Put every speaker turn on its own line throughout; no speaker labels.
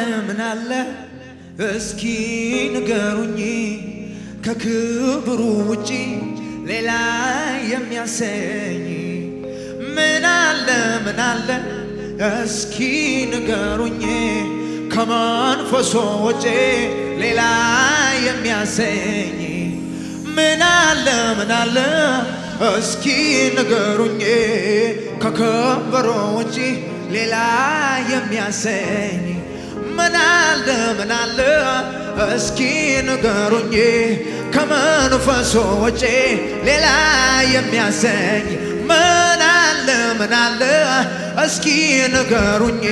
አለ ምን አለ እስኪ ንገሩኝ ከክብሩ ውጪ ሌላ የሚያሰኝ ምን አለ ምን አለ እስኪ ንገሩኝ ከመንፈሶ ውጪ ሌላ የሚያሰኝ ምን አለ ምን አለ እስኪ ንገሩኝ ከከበሮ ውጪ ሌላ የሚያሰኝ ምናለ ምናለ እስኪ ንገሩኝ ከመንፈሱ ውጪ ሌላ የሚያሰኝ ምናለ ምናለ እስኪ ንገሩኝ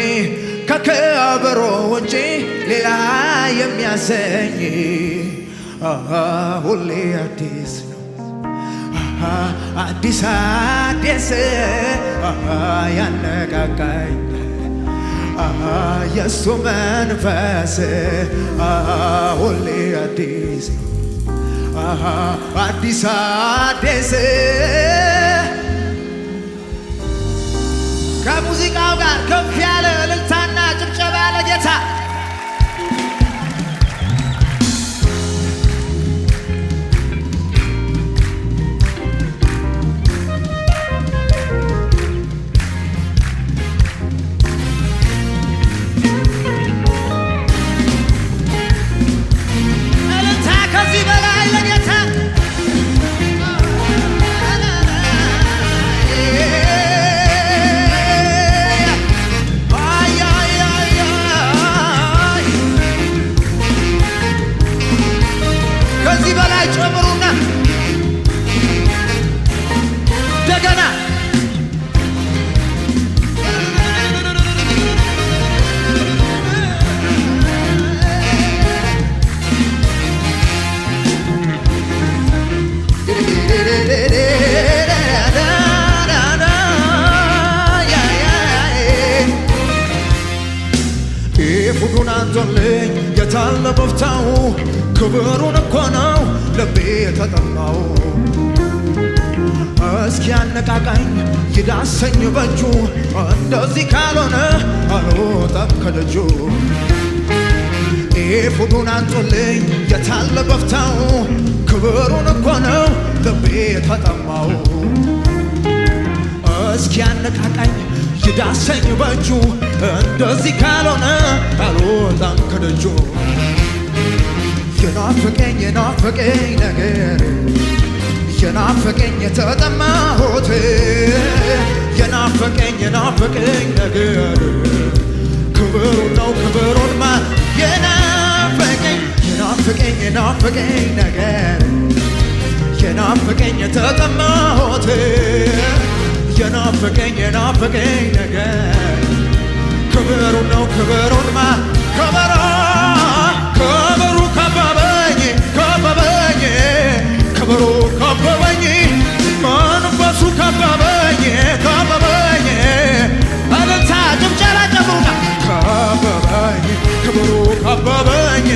ከከበሮ ውጪ ሌላ የሚያሰኝ ሁሌ አዲስ ነው አዲስ አዲስ ያነቃቃኝ የእሱ መንፈስ ሁሌ አዲስ አዲስ አዲስ ከሙዚቃው ጋር ከፍ ያለ
ክብሩን እኮ ነው ልቤ የተጠማው እስኪ ያነቃቃኝ ይዳሰኝ በእጁ እንደዚህ ካልሆነ አልወጣም ከደጁ ኤፉዱን አንጡልኝ የታለ በፍታው ክብሩን እኮ ነው ልቤ የተጠማው እስኪ ያነቃቃኝ ይዳሰኝ በእጁ እንደዚህ ካልሆነ አልወጣም ከደጁ የናፈቀኝ የናፈቀኝ ነገር የናፈቀኝ የተጠማሁት የናፈቀኝ የናፈቀኝ ነገር ክብሩን ነው ክብሩን ማ የናፈቀኝ የናፈቀኝ የናፈቀኝ ነገር የናፈቀኝ የተጠማሁት የናፈቀኝ የናፈቀኝ ነገር ክብሩን ነው ክብሩን ማ ክብሩን ክብሩ ከበበኝ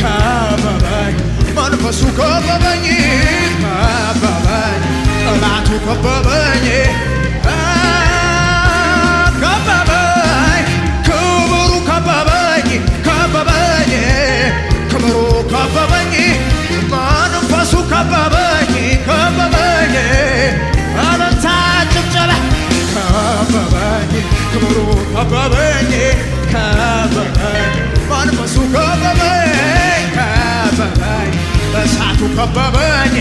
ከበበኝ መንፈሱ ከበበኝ ከበበኝ ጠላቱ ከበበኝ ከበበኝ ክብሩ ከበበኝ ከበበኝ ክብሩ ከበበኝ መንፈሱ ከበበኝ ከበበኝ አለታ ጭብጨባ ከበበኝ ክብሩ ከበበኝ ከ እሳቱ ከበበኝ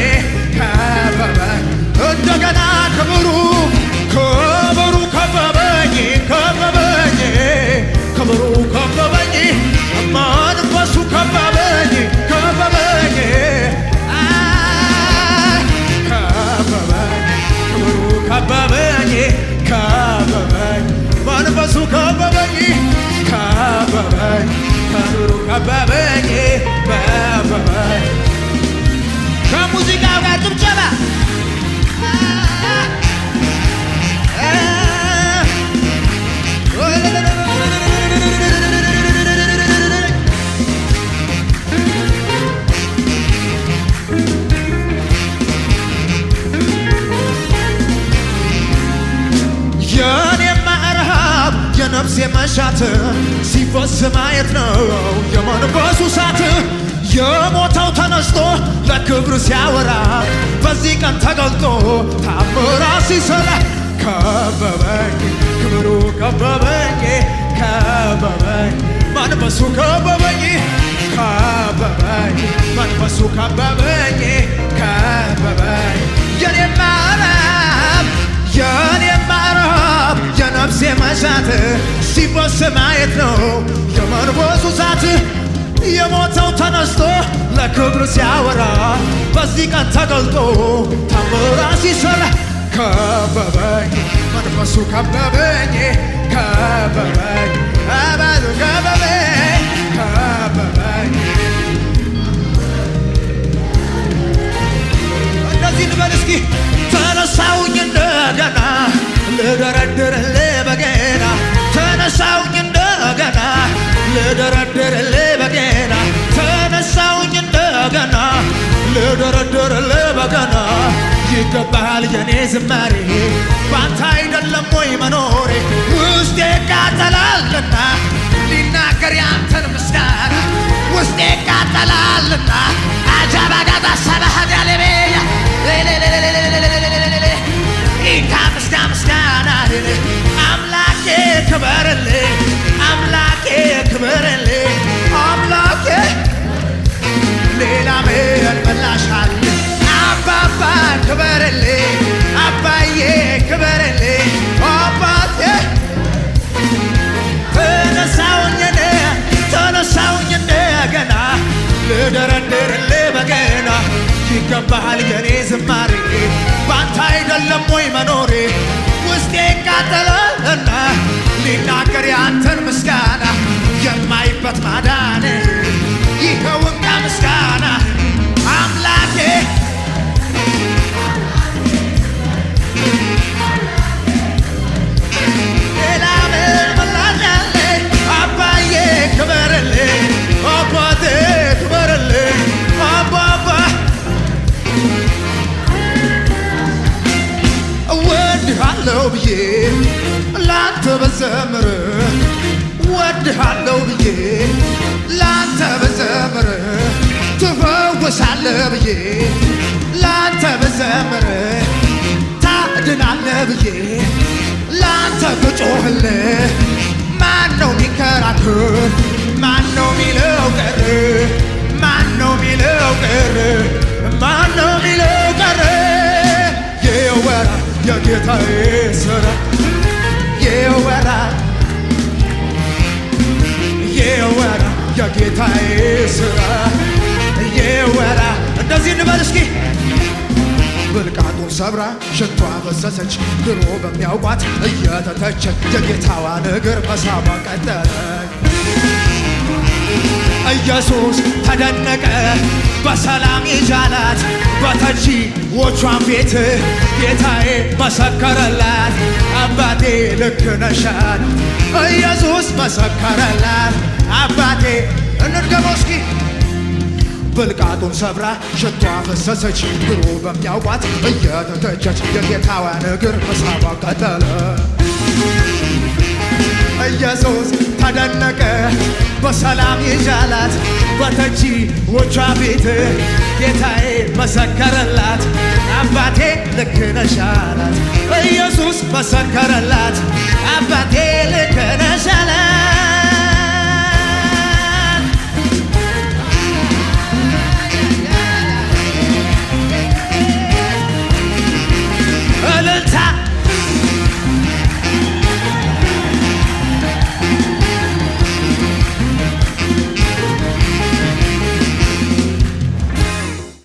ከበበኝ እንደገና ክብሩ ክብሩ ከበበኝ ከበበኝ ክብሩ ከበበኝ መንፈሱ ከበበኝ ከበበኝ ነፍሴ መሻት ሲፈስ ማየት ነው የመንፈሱ ሳት የሞተው ተነስቶ ለክብር ሲያወራ በዚህ ቀን ተገልጦ ታምራ ሲሰራ ከበበኝ ክብሩ ከበበኝ ከበበኝ መንፈሱ ከበበኝ ከበበኝ መንፈሱ ከበበኝ እሳት ሲቦስ ሰማየት ነው የመርቦሱ እሳት የሞተው ተነስቶ ለክብሩ ሲያወራ በዚህ ቀን ተገልጦ ታምራ ሲሰራ ከበበኝ መንፈሱ ከበበኝ ከበበኝ አባቱ ከበበኝ ከበበኝ እንደዚህ ንበል እስኪ ተነሳውኝ እንደገና ልደረድርህ ልደረድርልህ በገና ተነሳውኝ እንደገና ልደረድርልህ በገና ይገባሃል የኔ ዝማሬ ባንተ አይደለም ወይ መኖሬ ውስጤ ይቃጠላልና ሊናገር ያንተን ምስጋና ውስጤ ይቃጠላልና አጃባ ጋዛ ሰባሃድ ያለቤያ ኢካ ምስጋ ምስጋና አምላኬ ክበርልኝ ይገባሃል የኔ ዝማሬ ባንተ አይደለም ወይ መኖሬ ውስጤ ይቃጠላልና ሊናገር ያንተን ምስጋና ብዬ ላንተ በዘምር ታድናለ ብዬ ላንተ ብጮህል ማነው ሚከራከር? ማነው ሚለው ቀር? ማነው ሚለው ቀር? ማነው ሚለው ቀር? የወራ የጌታዬ ስራ የወራ የወራ የጌታዬ እንደዚህ እንበል እስኪ ብልቃጡን ሰብራ ሽቷ በሰሰች ድሮ በሚያውቋት እየተተች የጌታዋ እግር መሳቧ ቀጠለ ኢየሱስ ተደነቀ በሰላም ይዣላት በተቺ በተቺዎቿን ቤት ጌታዬ መሰከረላት አባቴ ልክ ነሻል ኢየሱስ መሰከረላት አባቴ እንድገመው እስኪ ብልቃጡን ሰብራ ሽቷ ፈሰሰች ግሩ በሚያውቋት እየተተቸች የጌታዋን እግር መሳቧ ቀጠለ። ኢየሱስ ተደነቀ በሰላም ይዣላት በተቺ ዎቿ ቤት ጌታዬ መሰከረላት አባቴ ልክ ነሽ አላት ኢየሱስ መሰከረላት አባቴ ልክ ነሽ አላት